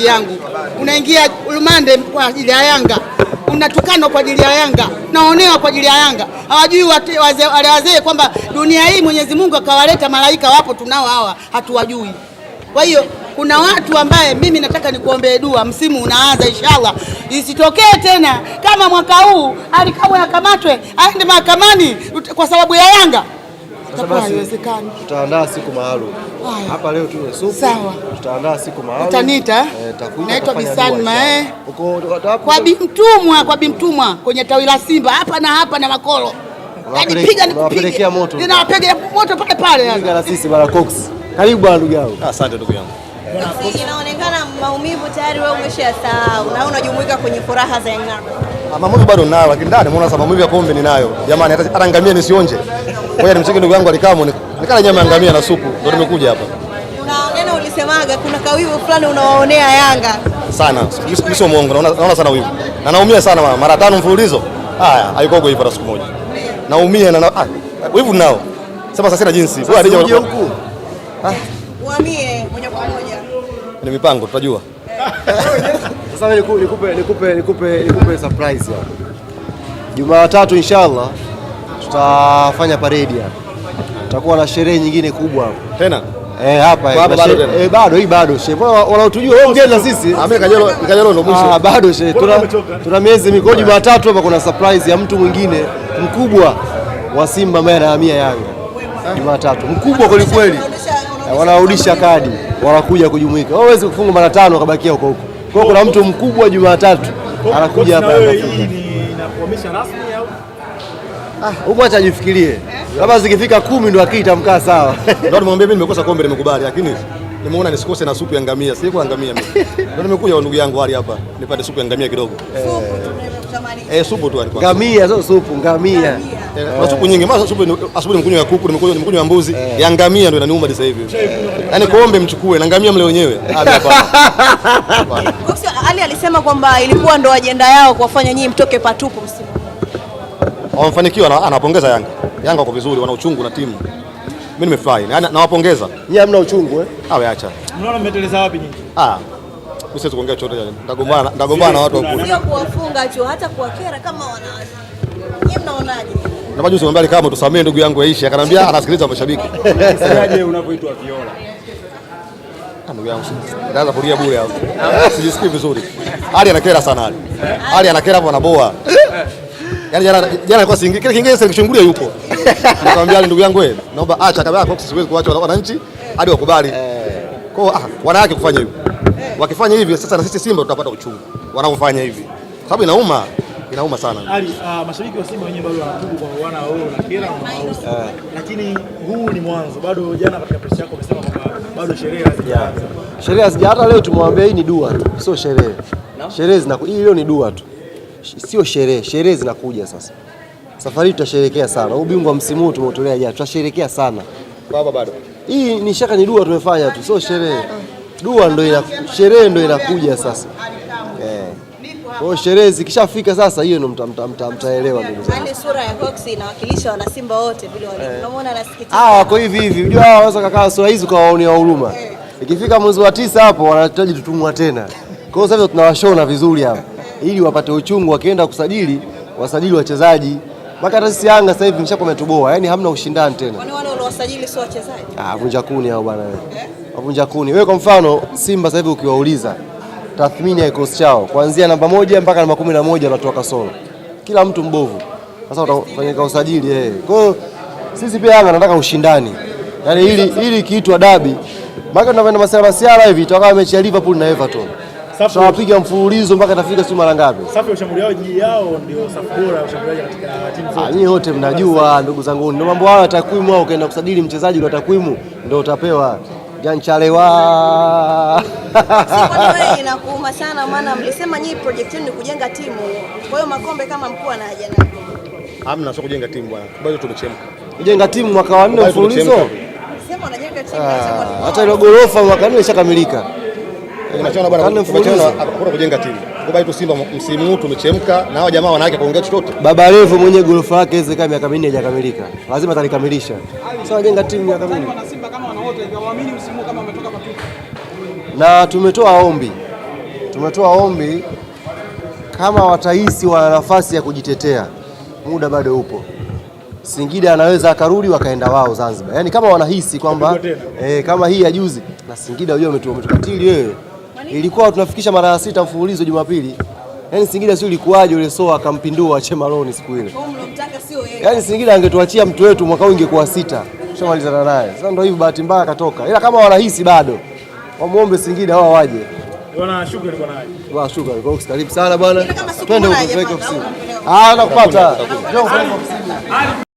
ajili yangu, unaingia ulumande kwa ajili ya Yanga, unatukanwa kwa ajili ya Yanga, naonewa kwa ajili ya Yanga. Hawajui wale wazee kwamba dunia hii Mwenyezi Mungu akawaleta malaika, wapo tunao hawa, hatuwajui. Kwa hiyo kuna watu ambaye mimi nataka nikuombee dua, msimu unaanza, inshallah isitokee tena kama mwaka huu alikamwe akamatwe aende mahakamani kwa sababu ya Yanga itakuwa haiwezekani. Tutaandaa siku maalum hapa leo, tunywe supu. Sawa, tutaandaa siku maalum, Utanita? Eh, Naitwa eh. Bisanma kwa Bimtumwa, kwa Bimtumwa kwenye tawi la Simba hapa na hapa na Makolo, yaani piga nikupelekea moto, Ninawapiga moto pale pale na sisi bara Cox. Karibu bwana ndugu yangu. Asante ndugu yangu. Inaonekana maumivu tayari wewe umeshasahau na unajumuika kwenye furaha za Yanga. Ah, maumivu bado nayo, lakini ndani muona sababu maumivu ya pombe ninayo. Jamani, hata ngamia nisionje. Ngoja nimcheke ndugu yangu alikamo, nikala nyama ya ngamia na supu, ndio nimekuja hapa. Una neno ulisemaga, kuna kawivu fulani unawaonea Yanga sana, sio muongo, naona naona sana wivu na naumia sana mama, mara tano mfululizo. Haya, haiko hivyo hata siku moja naumia na ah, wivu nao. sema sasa sina jinsi, wewe alija huko ah, uamie moja kwa moja, ni mipango tutajua eh. Sasa nikupe nikupe nikupe nikupe surprise hapo. Jumatatu inshallah tutafanya parade ya Tutakuwa na sherehe nyingine kubwa hapo. Tena? Eh, hapa eh, bado bado eh hii bado she bwana wala utujue wewe mgeni na sisi. Ah, Kajalo ndo mwisho. Ah, bado she Tuna tuna miezi mikoa Jumatatu hapa kuna surprise ya mtu mwingine mkubwa wa Simba ambaye anahamia Yanga. Eh? Jumatatu. Mkubwa kweli kweli. Wanawarudisha eh, kadi, wanakuja kujumuika. wewe Hawezi kufunga mara tano akabakia huko huko. Kwa kuna mtu mkubwa Jumatatu anakuja hapa ah, huko, acha ajifikirie, labda zikifika kumi ndo akiitamkaa sawa. Ndio tumwambie mimi nimekosa kombe, nimekubali lakini nimeona nisikose na supu ya ngamia. Siko ngamia mimi. Ndio nimekuja ndugu yangu hali hapa nipate supu ya ngamia kidogo. Eh. eh, supu tu alikuwa. Ngamia sio supu, ngamia. Eh, eh. Na supu nyingi. Maana supu asubuhi nimekunywa ya kuku, nimekunywa nimekunywa mbuzi, ya ngamia ndio inaniuma sasa hivi. Yaani kuombe mchukue na ngamia mle wenyewe. Ali alisema kwamba ilikuwa ndo ajenda yao kuwafanya nyinyi mtoke patupu msimu. Wamefanikiwa, anapongeza Yanga. Yanga wako vizuri, wana uchungu na timu mimi nimefurahi na nawapongeza. Nyinyi hamna uchungu eh? Awe acha. Mnaona mmeteleza wapi nyinyi? Ah. Mimi siwezi kuongea chochote yani. Ndagombana, ndagombana na watu wa kule. Sio kuwafunga tu hata kuwakera kama wana. Nyinyi mnaonaje? Na majuzi mwambia kama tusamee ndugu yangu Aisha, akanambia anasikiliza mashabiki. Sijaje unavyoitwa Viola. Ah, ndugu yangu ndaanza kulia bure hapo. Sijisikii vizuri. Hali anakera sana hali. Hali anakera hapo anaboa. Yaani jana jana alikuwa singi kile kingine sikuchungulia yupo. Nikamwambia ali ndugu yangu wewe, naomba acha ah, kabla yako siwezi kuacha wananchi hadi wakubali. Eh. Kwa ah, wanawake kufanya hivyo. Wakifanya hivyo sasa na sisi Simba tutapata uchungu. Wanaofanya hivi. Sababu inauma, inauma sana. Ali, uh, mashabiki wa Simba wenyewe bado wanatubu kwa wana wao na kila mmoja. Eh. Lakini huu ni mwanzo. Bado jana katika press yako umesema kwamba bado sherehe hazijaanza. Sherehe hazijaanza, hata leo tumwambia hii ni dua tu, sio sherehe. Sherehe zinakuja. Hii leo ni dua tu sio sherehe, sherehe zinakuja sasa. Safari tutasherekea sana, ubingwa msimu huu tumeutolea jana, tutasherekea sana baba. Bado hii ni shaka, ni dua tumefanya tu, sio sherehe. Dua ndio ina, sherehe ndo inakuja sasa eh. Kwa sherehe zikishafika sasa, hiyo ndo mtaelewa. Yaani sura ya Cox inawakilisha wana Simba wote vile walivyo, eh. unaona anasikitika. Ah, wako hivi hivi, unajua hao wanaweza kakaa sura hizi kwa wa huruma, eh. ikifika mwezi wa tisa hapo wanahitaji tutumwa tena. Kwa hiyo sasa tunawashona vizuri hapa ili wapate uchungu, wakienda kusajili wasajili wachezaji. mpaka hata sisi Yanga sasa hivi mshapo ametoboa, yani hamna ushindani tena. Kwani wale wanaosajili sio wachezaji? Ah, vunja kuni hao bwana wewe. Okay. Eh? Vunja kuni. Wewe kwa mfano Simba sasa hivi ukiwauliza tathmini ya kikosi chao kuanzia namba moja mpaka namba kumi na moja anatoa kasoro. Kila mtu mbovu. Sasa utafanyika usajili eh. Kwa hiyo sisi pia Yanga nataka ushindani. Yaani ili ili kiitwa dabi. Maana tunavyoenda masiara hivi tutakaa mechi ya Liverpool na Everton tutawapiga mfululizo mpaka tafika si mara ngapi. Safi ushambuliaji ushambuliaji yao ndio bora katika timu ah, zote. Nyinyi wote mnajua ndugu zangu, ndio mambo hayo ya takwimu. Au ukaenda kusajili mchezaji kwa takwimu ndio utapewa janchalewa inakuuma sana, maana mlisema nyinyi project yenu ni kujenga timu. Kwa hiyo makombe kama mkuu anaja nayo hamna, sio kujenga timu bwana, bado tumechemka kujenga timu mwaka wa nne mfululizo, sema timu ah, hata ile gorofa mwaka nne ishakamilika bwana, kujenga timu kwa tu. Simba msimu huu tumechemka, na hao jamaa wanawake kuongea chochote. Baba Levo mwenye gorofa yake hizo kama miaka minne hajakamilika, lazima atalikamilisha. Sasa anajenga timu miaka minne na tumetoa ombi, tumetoa ombi kama watahisi wana nafasi ya kujitetea, muda bado upo. Singida anaweza akarudi wakaenda wao Zanzibar, yaani kama wanahisi kwamba eh, kama hii ya juzi na Singida, unajua umetukatili wewe Yaani? ilikuwa tunafikisha mara ya sita mfululizo Jumapili. Yaani Singida sio ilikuwaje ile soa akampindua Chemaloni siku ile. Yaani Singida angetuachia mtu wetu mwaka huu ingekuwa sita. Tushamalizana naye. Sasa ndio hivyo bahati mbaya akatoka. Ila kama wanahisi bado wamuombe Singida wao waje. Bwana shukrani bwana. Bwana shukrani kwa karibu sana bwana. Twende huko tuweke Ah, nakupata. Njoo ofisi.